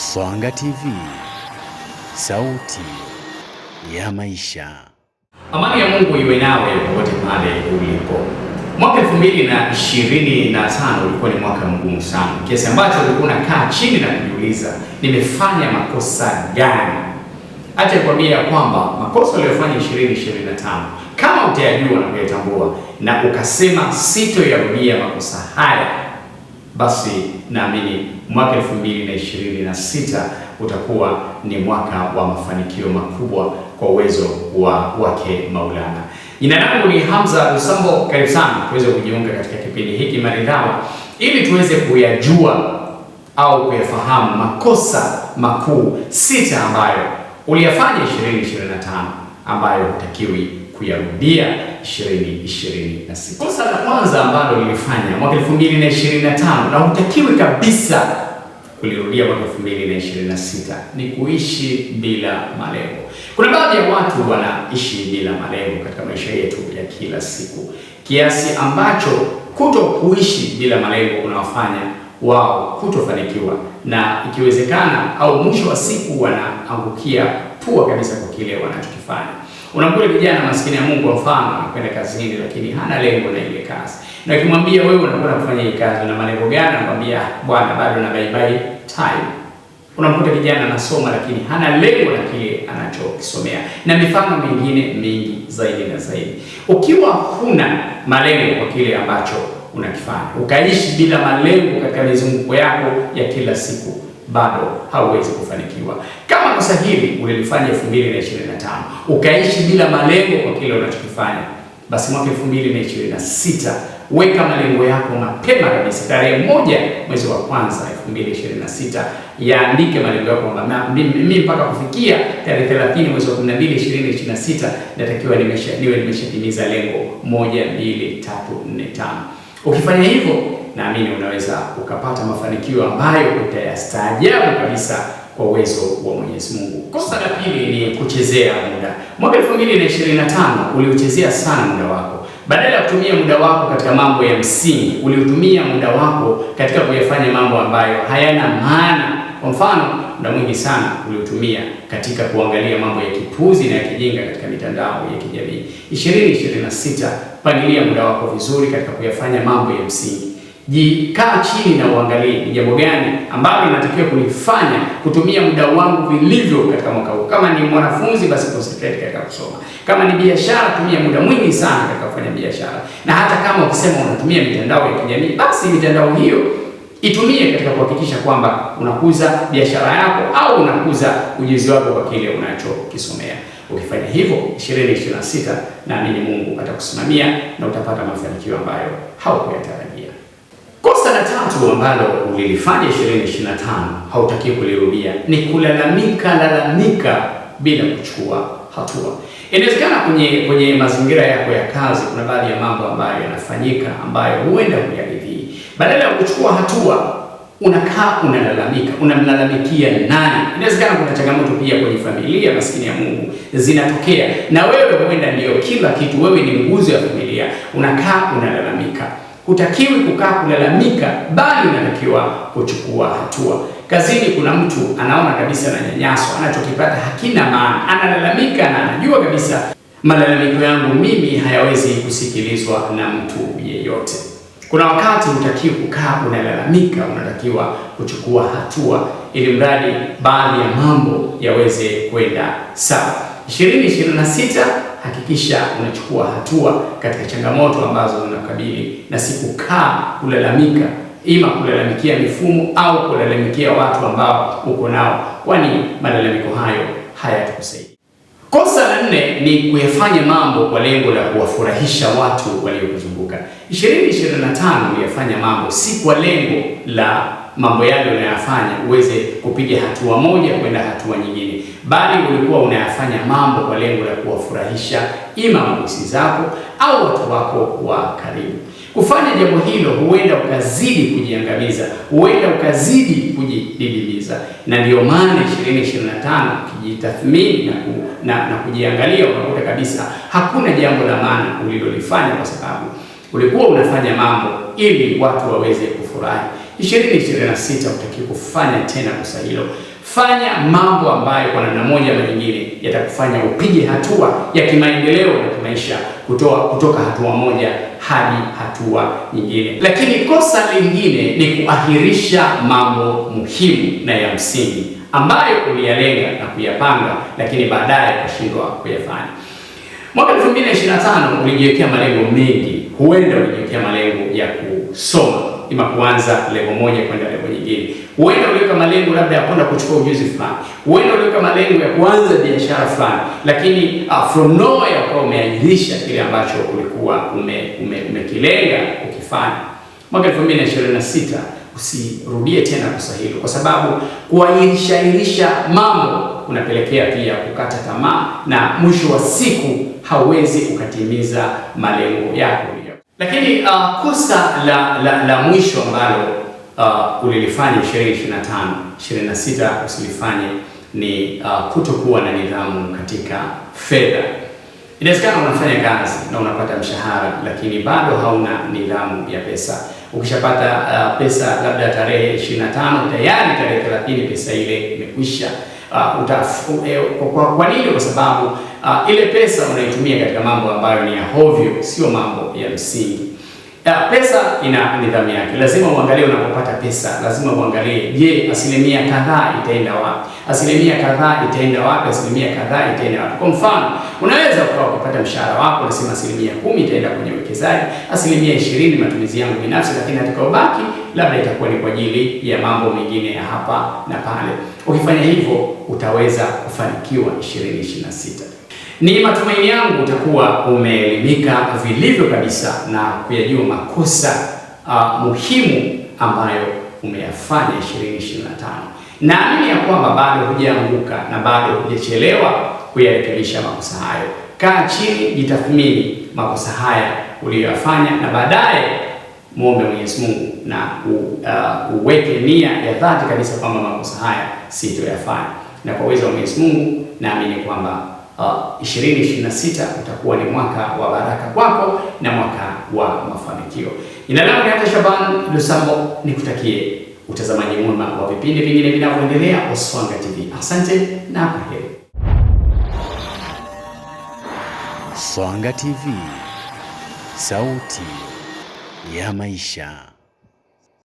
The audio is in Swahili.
Swanga TV, sauti ya maisha. Amani ya Mungu iwe nawe popote pale ulipo. Mwaka 2025 ulikuwa ni mwaka mgumu sana, kiasi ambacho ulikuwa unakaa chini na kujiuliza, nimefanya makosa gani? Acha nikwambie ya kwamba makosa uliyofanya 2025 kama utayajua na kuyatambua na ukasema, sitoyarudia makosa haya basi naamini mwaka elfu mbili na ishirini na sita utakuwa ni mwaka wa mafanikio makubwa kwa uwezo wa wake Maulana. Jina langu ni Hamza Lusambo, karibu sana tuweze kujiunga katika kipindi hiki maridhawa, ili tuweze kuyajua au kuyafahamu makosa makuu sita ambayo uliyafanya 2025 ambayo hutakiwi kuyarudia 2026. Kosa la kwanza ambalo lilifanya mwaka 2025 na hutakiwi kabisa kulirudia mwaka 2026 ni kuishi bila malengo. Kuna baadhi ya watu wanaishi bila malengo katika maisha yetu ya kila siku kiasi ambacho kuto kuishi bila malengo unawafanya wao kutofanikiwa na ikiwezekana, au mwisho wa siku wanaangukia pua kabisa kwa kile wanachokifanya. Unamkuta kijana maskini ya Mungu afana kwenda kazini, lakini hana lengo na ile kazi, na ukimwambia wewe unakwenda kufanya hii kazi na malengo gani, anakwambia bwana, bado na bye bye time. Unamkuta kijana anasoma lakini hana lengo na kile anachokisomea, na mifano mingine mingi zaidi na zaidi. Ukiwa huna malengo kwa kile ambacho unakifanya, ukaishi bila malengo katika mizunguko yako ya kila siku bado hauwezi kufanikiwa. Kama kosa hili ulilifanya 2025 ukaishi bila malengo kwa kile unachokifanya, basi mwaka 2026 weka malengo yako mapema kabisa. Tarehe moja mwezi wa kwanza 2026 yaandike malengo yako kwamba mimi mpaka kufikia tarehe 30 mwezi wa 12 2026 natakiwa nimesha niwe nimeshatimiza lengo 1 2 3 4 5. Ukifanya hivyo, naamini unaweza ukapata mafanikio ambayo utayastaajabu kabisa kwa uwezo wa Mwenyezi Mungu. Kosa la pili ni kuchezea muda. Mwaka 2025 uliuchezea sana muda wako. Badala ya kutumia muda wako katika mambo ya msingi, uliutumia muda wako katika kuyafanya mambo ambayo hayana maana. Kwa mfano muda mwingi sana uliotumia katika kuangalia mambo ya kipuzi na ya kijinga katika mitandao ya kijamii. 2026, pangilia muda wako vizuri katika kuyafanya mambo ya msingi. Jikaa chini na uangalie ni jambo gani ambalo inatakiwa kulifanya, kutumia muda wangu vilivyo katika mwaka huu. Kama ni mwanafunzi, basi concentrate katika kusoma. Kama ni biashara, tumia muda mwingi sana katika kufanya biashara, na hata kama ukisema unatumia mitandao ya kijamii, basi mitandao hiyo Itumie katika kuhakikisha kwamba unakuza biashara yako au unakuza ujuzi wako kwa kile unachokisomea. Ukifanya hivyo 2026 naamini Mungu atakusimamia na utapata mafanikio ambayo haukuyatarajia. Kosa la tatu ambalo ulilifanya 2025 hautakii kulirudia ni kulalamika lalamika bila kuchukua hatua. Inawezekana kwenye kwenye mazingira yako ya kazi kuna baadhi ya mambo ambayo yanafanyika ambayo huenda badala ya kuchukua hatua, unakaa unalalamika, unamlalamikia nani? Inawezekana kuna changamoto pia kwenye familia, maskini ya Mungu, zinatokea na wewe huenda ndio kila kitu, wewe ni nguzo ya familia, unakaa unalalamika. Hutakiwi kukaa kulalamika, bali unatakiwa kuchukua hatua. Kazini kuna mtu anaona kabisa ananyanyaswa, anachokipata hakina maana, analalamika na anajua kabisa malalamiko yangu mimi hayawezi kusikilizwa na mtu yeyote. Kuna wakati hutakiwi kukaa unalalamika, unatakiwa kuchukua hatua ili mradi baadhi ya mambo yaweze kwenda sawa. sita hakikisha unachukua hatua katika changamoto ambazo zinakabili na si kukaa kulalamika, ima kulalamikia mifumo au kulalamikia watu ambao uko nao, kwani malalamiko hayo hayatakusaidia. Kosa la nne ni kuyafanya mambo kwa lengo la kuwafurahisha watu waliokuzunguka. 2025 uyafanya mambo si kwa lengo la mambo yale unayafanya uweze kupiga hatua moja kwenda hatua nyingine, bali ulikuwa unayafanya mambo kwa lengo la kuwafurahisha ima mabosi zako au watu wako wa karibu. Kufanya jambo hilo huenda ukazidi kujiangamiza, huenda ukazidi kujididimiza, na ndio maana 2025 ukijitathmini na, ku, na, na kujiangalia unakuta kabisa hakuna jambo la maana ulilolifanya kwa sababu ulikuwa unafanya mambo ili watu waweze kufurahi. 2026 utaki kufanya tena kosa hilo. Fanya mambo ambayo kwa namna moja ama nyingine yatakufanya upige hatua ya kimaendeleo na kimaisha, kutoa kutoka hatua moja hadi hatua nyingine. Lakini kosa lingine ni kuahirisha mambo muhimu na ya msingi ambayo uliyalenga na kuyapanga, lakini baadaye kushindwa kuyafanya. Mwaka 2025 ulijiwekea malengo mengi huenda ulijiwekea malengo ya kusoma ima kuanza level moja kwenda level nyingine. Huenda uliweka malengo labda ya kwenda kuchukua ujuzi fulani, huenda uliweka malengo ya kuanza biashara fulani, lakini uh, from nowhere ukawa umeahirisha kile ambacho ulikuwa umekilenga ume, ume ukifanya. Mwaka 2026 usirudie tena kosa hilo, kwa sababu kuahirisha mambo unapelekea pia kukata tamaa na mwisho wa siku hauwezi ukatimiza malengo yako. Lakini uh, kosa la, la, la mwisho ambalo uh, ulilifanya 2025 26 usilifanye ni uh, kutokuwa na nidhamu katika fedha. Inawezekana unafanya kazi na unapata mshahara, lakini bado hauna nidhamu ya pesa. Ukishapata uh, pesa labda tarehe 25 tayari tarehe 30 pesa ile imekwisha. Uh, utafu, eh, kwa, kwa nini? Kwa sababu uh, ile pesa unaitumia katika mambo ambayo ni ya hovyo, sio mambo ya msingi. Pesa ina nidhamu yake. Lazima uangalie unapopata pesa, lazima uangalie, je, asilimia kadhaa itaenda wapi? Asilimia kadhaa itaenda wapi? Asilimia kadhaa itaenda wapi? Kwa mfano, unaweza ukawa ukapata mshahara wako unasema asilimia kumi itaenda kwenye uwekezaji, asilimia ishirini matumizi yangu binafsi, lakini atakaobaki labda itakuwa ni kwa ajili ya mambo mengine ya hapa na pale. Ukifanya hivyo utaweza kufanikiwa 2026. Ni matumaini yangu utakuwa umeelimika vilivyo kabisa na kuyajua makosa uh, muhimu ambayo umeyafanya 2025. Naamini ya kwamba bado hujaanguka na bado hujachelewa kuyarekebisha makosa hayo. Kaa chini, jitathmini makosa haya uliyoyafanya, na baadaye muombe Mwenyezi Mungu na uh, uweke nia ya dhati kabisa kwamba makosa haya sitoyafanya, na kwa uwezo wa Mwenyezi Mungu naamini kwamba 2026 uh, utakuwa ni mwaka wa baraka kwako na mwaka wa mafanikio. Jina langu ni Shaban Lusambo, nikutakie utazamaji mwema wa vipindi vingine vinavyoendelea Uswanga TV. Asante na kwaheri. Swanga TV, sauti ya maisha.